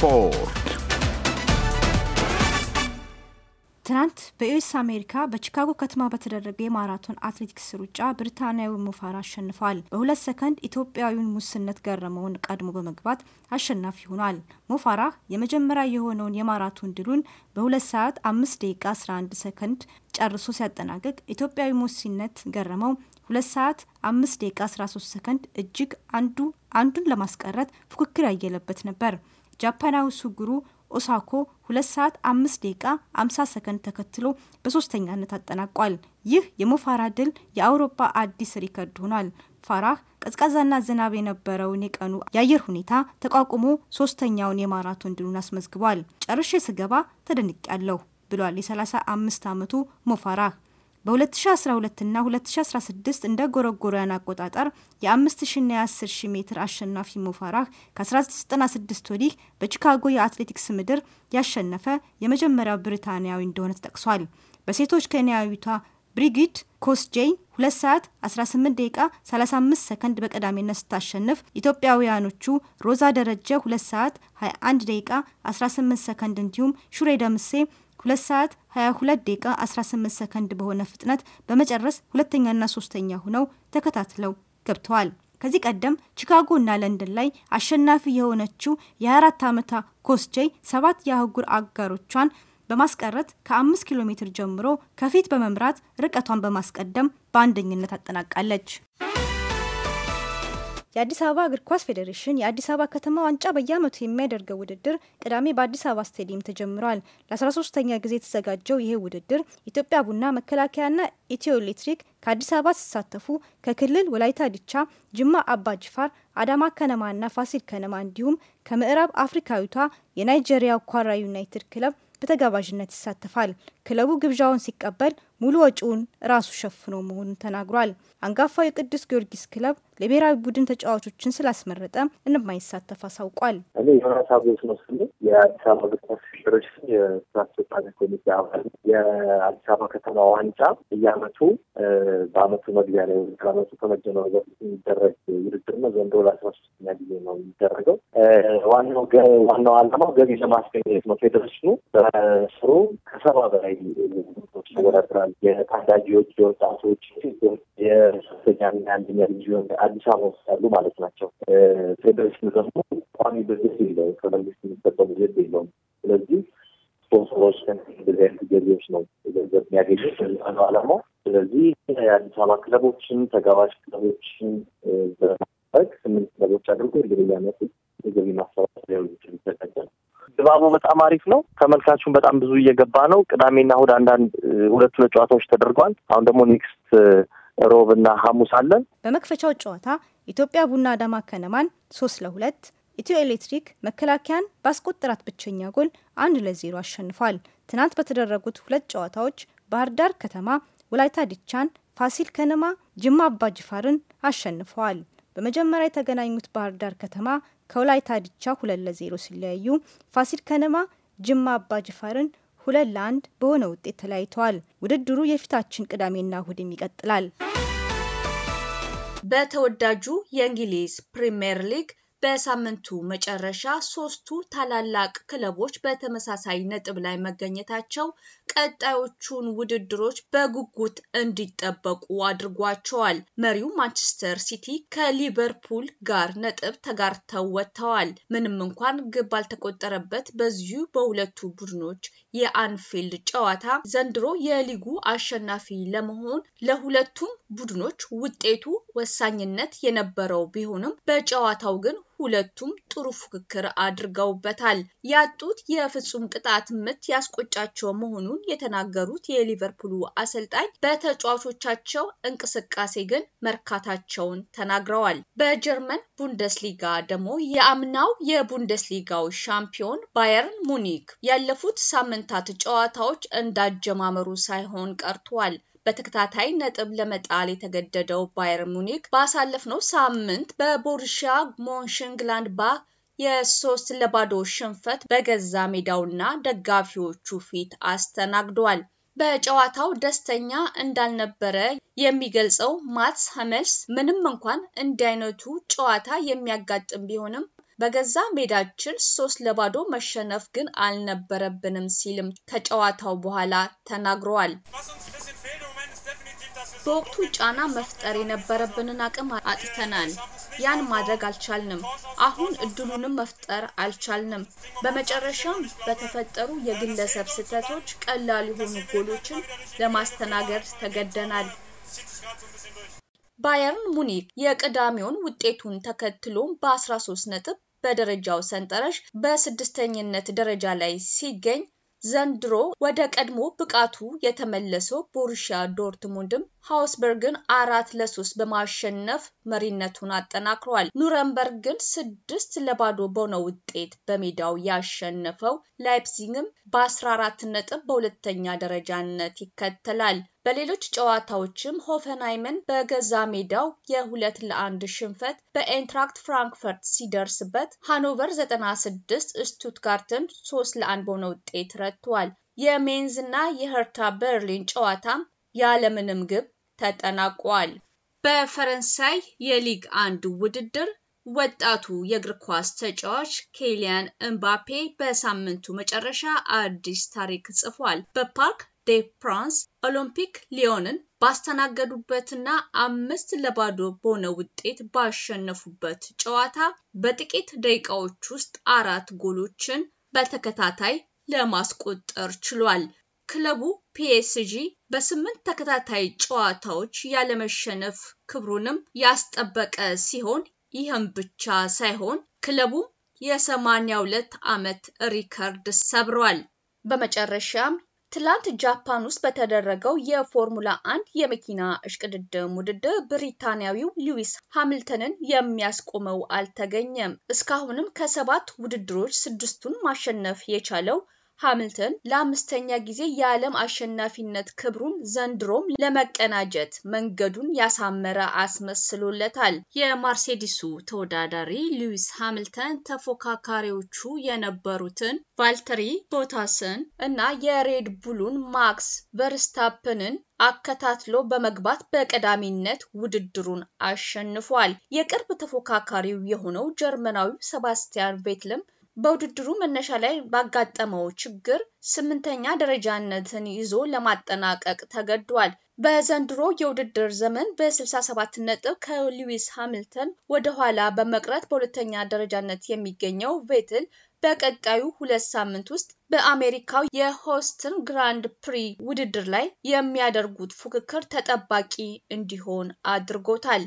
ስፖርት ትናንት በዩኤስ አሜሪካ በቺካጎ ከተማ በተደረገ የማራቶን አትሌቲክስ ሩጫ ብሪታንያዊ ሙፋራ አሸንፏል። በሁለት ሰከንድ ኢትዮጵያዊውን ሙስነት ገረመውን ቀድሞ በመግባት አሸናፊ ሆኗል። ሙፋራ የመጀመሪያ የሆነውን የማራቶን ድሉን በሁለት ሰዓት አምስት ደቂቃ አንድ ሰከንድ ጨርሶ ሲያጠናቅቅ ኢትዮጵያዊ ሙሲነት ገረመው ሁለት ሰዓት አምስት ደቂቃ ሶስት ሰከንድ እጅግ አንዱ አንዱን ለማስቀረት ፉክክር ያየለበት ነበር። ጃፓናዊ ሱጉሩ ኦሳኮ ሁለት ሰዓት አምስት ደቂቃ አምሳ ሰከንድ ተከትሎ በሶስተኛነት አጠናቋል። ይህ የሞፋራ ድል የአውሮፓ አዲስ ሪከርድ ሆኗል። ፋራህ ቀዝቃዛና ዝናብ የነበረውን የቀኑ የአየር ሁኔታ ተቋቁሞ ሶስተኛውን የማራቶን ድሉን አስመዝግቧል። ጨርሼ ስገባ ያለሁ ብሏል የ35 ዓመቱ ሞፋራህ በ2012 እና 2016 እንደ ጎረጎሪያን አቆጣጠር የ5000 እና የ ሜትር አሸናፊ ሙፈራህ ከ1996 ወዲህ በቺካጎ የአትሌቲክስ ምድር ያሸነፈ የመጀመሪያው ብሪታንያዊ እንደሆነ ተጠቅሷል። በሴቶች ኬንያዊቷ ብሪጊድ ኮስጄይ 2 ሰዓት 18 ደቂቃ 35 ሰከንድ በቀዳሚነት ስታሸንፍ ኢትዮጵያውያኖቹ ሮዛ ደረጀ 2 ሰዓት 21 ደቂቃ 18 ሰከንድ እንዲሁም ሹሬ ደምሴ 2 ሰዓት 22 ደቂቃ 18 ሰከንድ በሆነ ፍጥነት በመጨረስ ሁለተኛና ሶስተኛ ሆነው ተከታትለው ገብተዋል። ከዚህ ቀደም ቺካጎ እና ለንደን ላይ አሸናፊ የሆነችው የ24 ዓመቷ ሰባት የአህጉር አጋሮቿን በማስቀረት ከአምስት ኪሎ ሜትር ጀምሮ ከፊት በመምራት ርቀቷን በማስቀደም በአንደኝነት አጠናቃለች። የአዲስ አበባ እግር ኳስ ፌዴሬሽን የአዲስ አበባ ከተማ ዋንጫ በየዓመቱ የሚያደርገው ውድድር ቅዳሜ በአዲስ አበባ ስቴዲየም ተጀምሯል። ለ13ተኛ ጊዜ የተዘጋጀው ይህ ውድድር ኢትዮጵያ ቡና፣ መከላከያና ኢትዮ ኤሌክትሪክ ከአዲስ አበባ ሲሳተፉ ከክልል ወላይታ ዲቻ፣ ጅማ አባ ጅፋር፣ አዳማ ከነማና ፋሲል ከነማ እንዲሁም ከምዕራብ አፍሪካዊቷ የናይጄሪያ ኳራ ዩናይትድ ክለብ በተጋባዥነት ይሳተፋል። ክለቡ ግብዣውን ሲቀበል ሙሉ ወጪውን ራሱ ሸፍኖ መሆኑን ተናግሯል። አንጋፋው የቅዱስ ጊዮርጊስ ክለብ ለብሔራዊ ቡድን ተጫዋቾችን ስላስመረጠ እንደማይሳተፍ አሳውቋል። እኔ ዮናስ አብዮት ነው የአዲስ አበባ እግር ኳስ ፌዴሬሽን የስራ አስፈጻሚ ኮሚቴ አባል፣ የአዲስ አበባ ከተማ ዋንጫ እያመቱ በአመቱ መግቢያ ላይ ወይም ከዓመቱ ከመጀመሩ በፊት የሚደረግ ውድድር ነው። ዘንድሮ ለአስራ ሶስተኛ ጊዜ ነው የሚደረገው። ዋናው ዋናው ዓላማው ገቢ ለማስገኘት ነው። ፌዴሬሽኑ በስሩ ከሰባ በላይ ይወዳደራል። የታዳጊዎች፣ የወጣቶች፣ የሶስተኛና የአንደኛ ዲቪዥን አዲስ አበባ ውስጥ ያሉ ማለት ናቸው። ፌዴሬሽኑ ደግሞ ቋሚ በጀት የለውም፣ ከመንግስት የሚሰጠው በጀት የለውም። ስለዚህ ስፖንሰሮች እንደዚህ አይነት ገቢዎች ነው ገንዘብ የሚያገኙት ነው ዓላማው። ስለዚህ የአዲስ አበባ ክለቦችን ተጋባዥ ክለቦችን በማድረግ ስምንት ክለቦች አድርጎ ልብያ መጡት የገቢ ማሰባሰቢያ ውይይት ሊዘጋጀ ድባቡ በጣም አሪፍ ነው። ተመልካቹን በጣም ብዙ እየገባ ነው። ቅዳሜና እሑድ አንዳንድ ሁለት ሁለት ጨዋታዎች ተደርጓል። አሁን ደግሞ ኔክስት ሮብ እና ሐሙስ አለን። በመክፈቻው ጨዋታ ኢትዮጵያ ቡና አዳማ ከነማን ሶስት ለሁለት ኢትዮ ኤሌክትሪክ መከላከያን ባስቆጠራት ብቸኛ ጎል አንድ ለዜሮ አሸንፏል። ትናንት በተደረጉት ሁለት ጨዋታዎች ባህር ዳር ከተማ ወላይታ ዲቻን፣ ፋሲል ከነማ ጅማ አባ ጅፋርን አሸንፈዋል። በመጀመሪያ የተገናኙት ባህር ዳር ከተማ ከወላይታ ድቻ ሁለት ለዜሮ ሲለያዩ ፋሲል ከነማ ጅማ አባ ጅፋርን ሁለት ለአንድ በሆነ ውጤት ተለያይተዋል። ውድድሩ የፊታችን ቅዳሜና እሁድም ይቀጥላል። በተወዳጁ የእንግሊዝ ፕሪምየር ሊግ በሳምንቱ መጨረሻ ሶስቱ ታላላቅ ክለቦች በተመሳሳይ ነጥብ ላይ መገኘታቸው ቀጣዮቹን ውድድሮች በጉጉት እንዲጠበቁ አድርጓቸዋል። መሪው ማንቸስተር ሲቲ ከሊቨርፑል ጋር ነጥብ ተጋርተው ወጥተዋል። ምንም እንኳን ግብ ባልተቆጠረበት በዚሁ በሁለቱ ቡድኖች የአንፊልድ ጨዋታ ዘንድሮ የሊጉ አሸናፊ ለመሆን ለሁለቱም ቡድኖች ውጤቱ ወሳኝነት የነበረው ቢሆንም በጨዋታው ግን ሁለቱም ጥሩ ፉክክር አድርገውበታል። ያጡት የፍጹም ቅጣት ምት ያስቆጫቸው መሆኑን የተናገሩት የሊቨርፑሉ አሰልጣኝ በተጫዋቾቻቸው እንቅስቃሴ ግን መርካታቸውን ተናግረዋል። በጀርመን ቡንደስሊጋ ደግሞ የአምናው የቡንደስሊጋው ሻምፒዮን ባየርን ሙኒክ ያለፉት ሳምንታት ጨዋታዎች እንዳጀማመሩ ሳይሆን ቀርቷል። በተከታታይ ነጥብ ለመጣል የተገደደው ባየር ሙኒክ ባሳለፍነው ሳምንት በቦርሻ ሞንሽንግላንድ ባ የሶስት ለባዶ ሽንፈት በገዛ ሜዳውና ደጋፊዎቹ ፊት አስተናግዷል። በጨዋታው ደስተኛ እንዳልነበረ የሚገልጸው ማትስ ሀመልስ ምንም እንኳን እንዲህ አይነቱ ጨዋታ የሚያጋጥም ቢሆንም በገዛ ሜዳችን ሶስት ለባዶ መሸነፍ ግን አልነበረብንም ሲልም ከጨዋታው በኋላ ተናግረዋል። በወቅቱ ጫና መፍጠር የነበረብንን አቅም አጥተናል። ያን ማድረግ አልቻልንም። አሁን እድሉንም መፍጠር አልቻልንም። በመጨረሻም በተፈጠሩ የግለሰብ ስህተቶች ቀላል የሆኑ ጎሎችን ለማስተናገድ ተገደናል። ባየርን ሙኒክ የቅዳሜውን ውጤቱን ተከትሎም በ13 ነጥብ በደረጃው ሰንጠረዥ በስድስተኝነት ደረጃ ላይ ሲገኝ ዘንድሮ ወደ ቀድሞ ብቃቱ የተመለሰው ቦሩሺያ ዶርትሙንድም ሃውስበርግን አራት ለሶስት በማሸነፍ መሪነቱን አጠናክሯል። ኑረምበርግን ስድስት ለባዶ በሆነ ውጤት በሜዳው ያሸነፈው ላይፕሲግም በ14 ነጥብ በሁለተኛ ደረጃነት ይከተላል። በሌሎች ጨዋታዎችም ሆፈንሃይምን በገዛ ሜዳው የሁለት ለአንድ ሽንፈት በኤንትራክት ፍራንክፈርት ሲደርስበት ሃኖቨር 96 ስቱትጋርትን 3 ለአንድ በሆነ ውጤት ረትቷል። የሜንዝ እና የኸርታ በርሊን ጨዋታም ያለምንም ግብ ተጠናቋል። በፈረንሳይ የሊግ አንድ ውድድር ወጣቱ የእግር ኳስ ተጫዋች ኬሊያን እምባፔ በሳምንቱ መጨረሻ አዲስ ታሪክ ጽፏል። በፓርክ ዴ ፕራንስ ኦሎምፒክ ሊዮንን ባስተናገዱበትና አምስት ለባዶ በሆነ ውጤት ባሸነፉበት ጨዋታ በጥቂት ደቂቃዎች ውስጥ አራት ጎሎችን በተከታታይ ለማስቆጠር ችሏል። ክለቡ ፒኤስጂ በስምንት ተከታታይ ጨዋታዎች ያለመሸነፍ ክብሩንም ያስጠበቀ ሲሆን ይህም ብቻ ሳይሆን ክለቡም የ82 ዓመት ሪከርድ ሰብሯል። በመጨረሻም ትላንት ጃፓን ውስጥ በተደረገው የፎርሙላ አንድ የመኪና እሽቅድድም ውድድር ብሪታንያዊው ሉዊስ ሃሚልተንን የሚያስቆመው አልተገኘም። እስካሁንም ከሰባት ውድድሮች ስድስቱን ማሸነፍ የቻለው ሃሚልተን ለአምስተኛ ጊዜ የዓለም አሸናፊነት ክብሩን ዘንድሮም ለመቀናጀት መንገዱን ያሳመረ አስመስሎለታል። የማርሴዲሱ ተወዳዳሪ ሉዊስ ሃሚልተን ተፎካካሪዎቹ የነበሩትን ቫልተሪ ቦታስን እና የሬድ ቡሉን ማክስ ቨርስታፕንን አከታትሎ በመግባት በቀዳሚነት ውድድሩን አሸንፏል። የቅርብ ተፎካካሪው የሆነው ጀርመናዊው ሰባስቲያን ቬትልም በውድድሩ መነሻ ላይ ባጋጠመው ችግር ስምንተኛ ደረጃነትን ይዞ ለማጠናቀቅ ተገዷል። በዘንድሮ የውድድር ዘመን በ67 ነጥብ ከሉዊስ ሃሚልተን ወደኋላ በመቅረት በሁለተኛ ደረጃነት የሚገኘው ቬትል በቀጣዩ ሁለት ሳምንት ውስጥ በአሜሪካው የሆስትን ግራንድ ፕሪ ውድድር ላይ የሚያደርጉት ፉክክር ተጠባቂ እንዲሆን አድርጎታል።